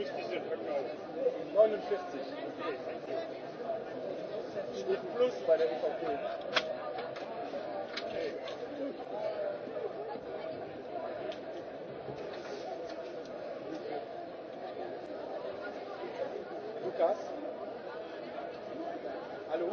Wo Verkauf? 49. Okay, thank you. Steht Plus bei der EVP. Okay. Lukas? Hallo?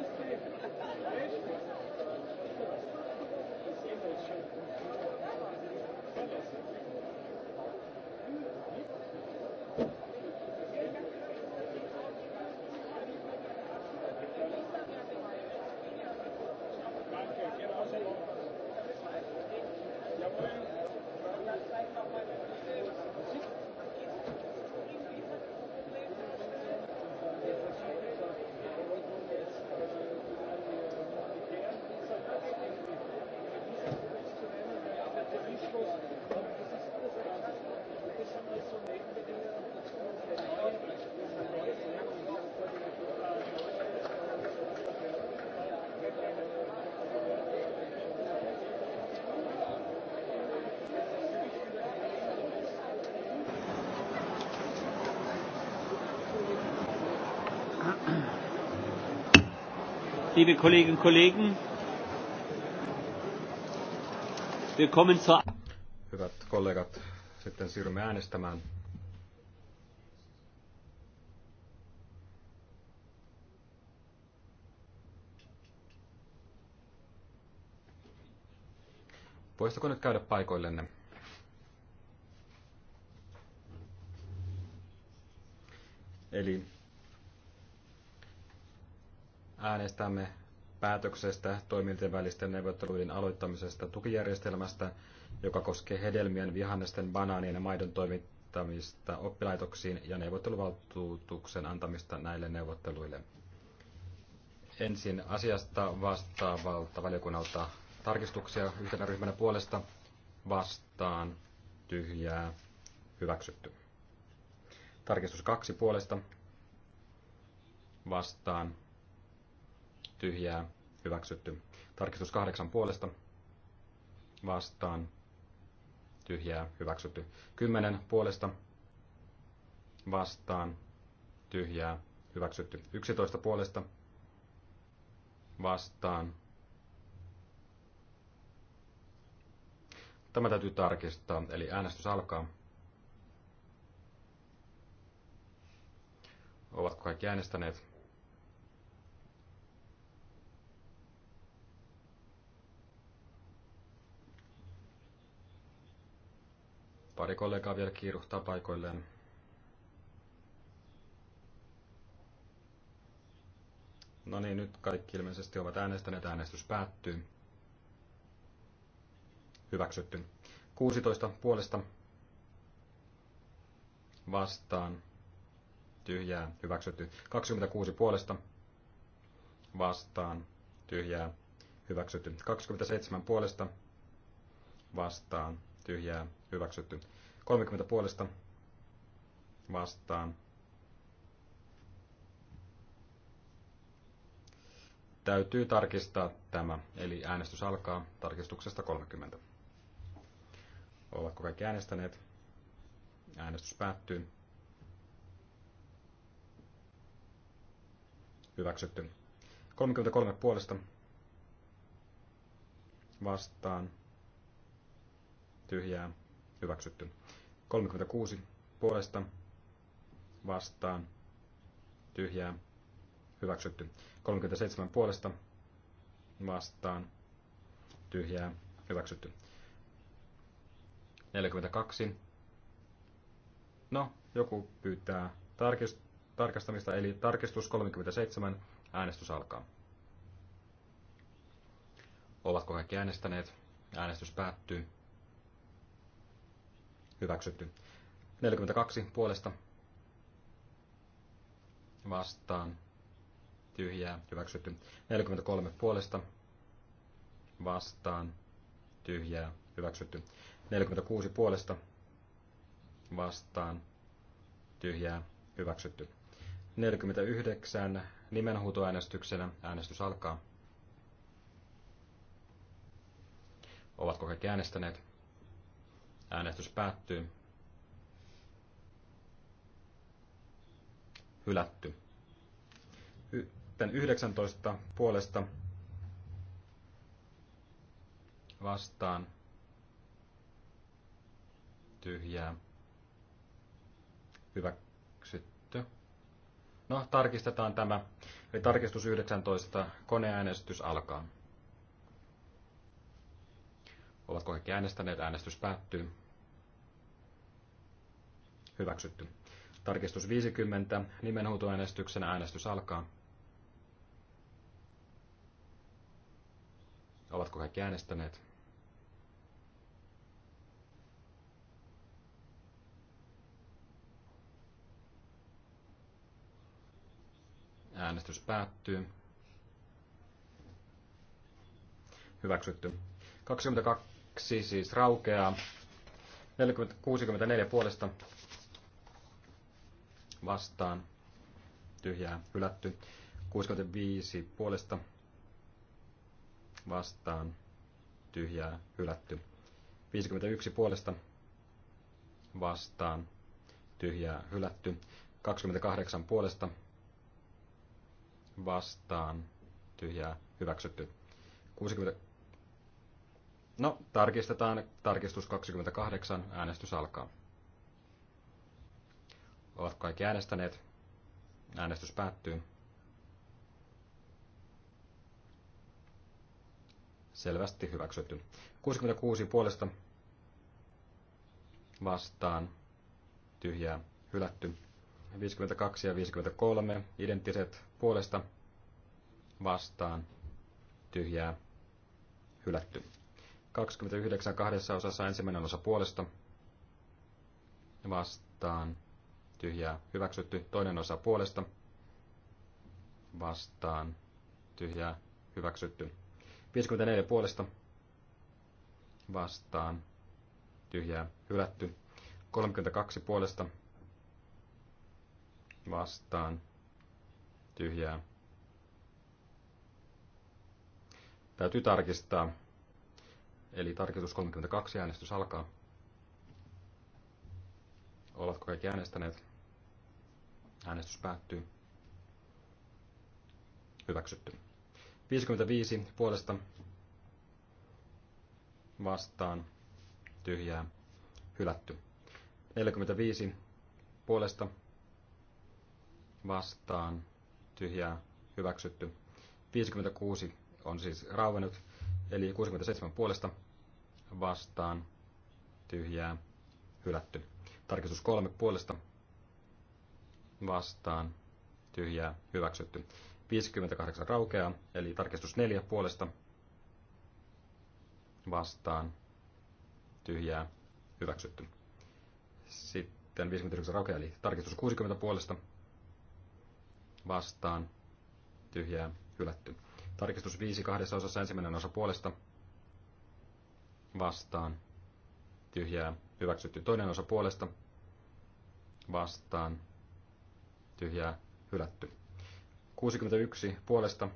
liebe Kolleginnen und Kollegen. Wir kommen zur Hyvät kollegat, sitten siirrymme äänestämään. Voisitko nyt käydä paikoillenne? Eli äänestämme päätöksestä toimintavälisten välisten aloittamisesta tukijärjestelmästä, joka koskee hedelmien, vihannesten, banaanien ja maidon toimittamista oppilaitoksiin ja neuvotteluvaltuutuksen antamista näille neuvotteluille. Ensin asiasta vastaavalta valiokunnalta tarkistuksia yhtenä ryhmänä puolesta vastaan tyhjää hyväksytty. Tarkistus kaksi puolesta vastaan tyhjää, hyväksytty. Tarkistus kahdeksan puolesta, vastaan, tyhjää, hyväksytty. Kymmenen puolesta, vastaan, tyhjää, hyväksytty. Yksitoista puolesta, vastaan. Tämä täytyy tarkistaa, eli äänestys alkaa. Ovatko kaikki äänestäneet? Pari kollegaa vielä kiiruhtaa paikoilleen. No niin, nyt kaikki ilmeisesti ovat äänestäneet. Äänestys päättyy. Hyväksytty. 16 puolesta vastaan. Tyhjää. Hyväksytty. 26 puolesta vastaan. Tyhjää. Hyväksytty. 27 puolesta vastaan tyhjää hyväksytty. 30 puolesta vastaan. Täytyy tarkistaa tämä, eli äänestys alkaa tarkistuksesta 30. Ovatko kaikki äänestäneet? Äänestys päättyy. Hyväksytty. 33 puolesta vastaan tyhjää, hyväksytty. 36 puolesta vastaan, tyhjää, hyväksytty. 37 puolesta vastaan, tyhjää, hyväksytty. 42. No, joku pyytää tarkist- tarkastamista, eli tarkistus 37, äänestys alkaa. Ovatko kaikki äänestäneet? Äänestys päättyy hyväksytty. 42 puolesta vastaan tyhjää hyväksytty. 43 puolesta vastaan tyhjää hyväksytty. 46 puolesta vastaan tyhjää hyväksytty. 49 nimenhuutoäänestyksenä äänestys alkaa. Ovatko kaikki äänestäneet? Äänestys päättyy. Hylätty. Sitten 19 puolesta vastaan tyhjää. Hyväksytty. No, tarkistetaan tämä. Eli tarkistus 19. Koneäänestys alkaa. Ovatko kaikki äänestäneet? Äänestys päättyy. Hyväksytty. Tarkistus 50. Nimenhuutoäänestyksenä äänestys alkaa. Ovatko kaikki äänestäneet? Äänestys päättyy. Hyväksytty. 22 siis raukeaa. 64 puolesta vastaan, tyhjää hylätty. 65 puolesta vastaan, tyhjää hylätty. 51 puolesta vastaan, tyhjää hylätty. 28 puolesta vastaan, tyhjää hyväksytty. 60... No, tarkistetaan. Tarkistus 28. Äänestys alkaa. Ovat kaikki äänestäneet. Äänestys päättyy. Selvästi hyväksytty. 66 puolesta vastaan tyhjää hylätty. 52 ja 53 identtiset puolesta vastaan tyhjää hylätty. 29 kahdessa osassa ensimmäinen osa puolesta vastaan tyhjää hyväksytty. Toinen osa puolesta vastaan tyhjää hyväksytty. 54 puolesta vastaan tyhjää hylätty. 32 puolesta vastaan tyhjää. Täytyy tarkistaa. Eli tarkistus 32 äänestys alkaa. Oletko kaikki äänestäneet? Äänestys päättyy. Hyväksytty. 55 puolesta vastaan tyhjää hylätty. 45 puolesta vastaan tyhjää hyväksytty. 56 on siis rauennut, eli 67 puolesta vastaan tyhjää hylätty. Tarkistus 3 puolesta vastaan, tyhjää, hyväksytty. 58 raukeaa, eli tarkistus neljä puolesta vastaan, tyhjää, hyväksytty. Sitten 59 raukeaa, eli tarkistus 60 puolesta vastaan, tyhjää, hylätty. Tarkistus 5 kahdessa osassa ensimmäinen osa puolesta vastaan, tyhjää, hyväksytty. Toinen osa puolesta vastaan, tyhjää hylätty. 61 puolesta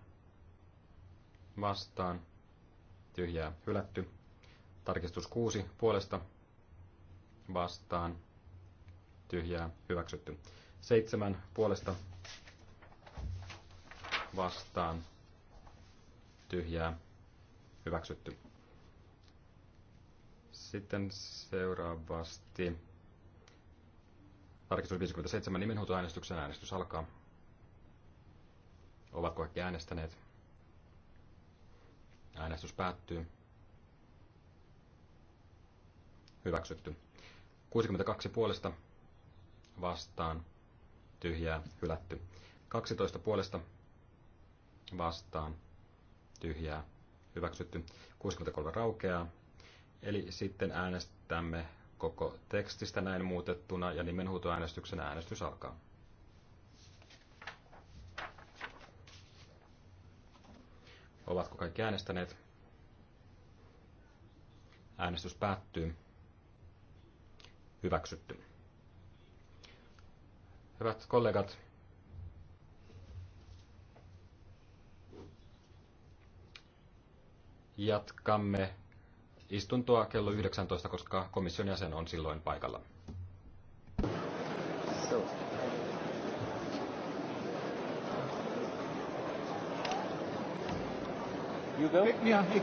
vastaan tyhjää hylätty. Tarkistus 6 puolesta vastaan tyhjää hyväksytty. 7 puolesta vastaan tyhjää hyväksytty. Sitten seuraavasti Tarkistus 57 nimenhuutoäänestyksen äänestys alkaa. Ovatko kaikki äänestäneet? Äänestys päättyy. Hyväksytty. 62 puolesta vastaan tyhjää hylätty. 12 puolesta vastaan tyhjää hyväksytty. 63 raukeaa. Eli sitten äänestämme koko tekstistä näin muutettuna ja nimenhuutoäänestyksen äänestys alkaa. Ovatko kaikki äänestäneet? Äänestys päättyy. Hyväksytty. Hyvät kollegat, jatkamme istuntoa kello 19, koska komission jäsen on silloin paikalla. You go? Yeah,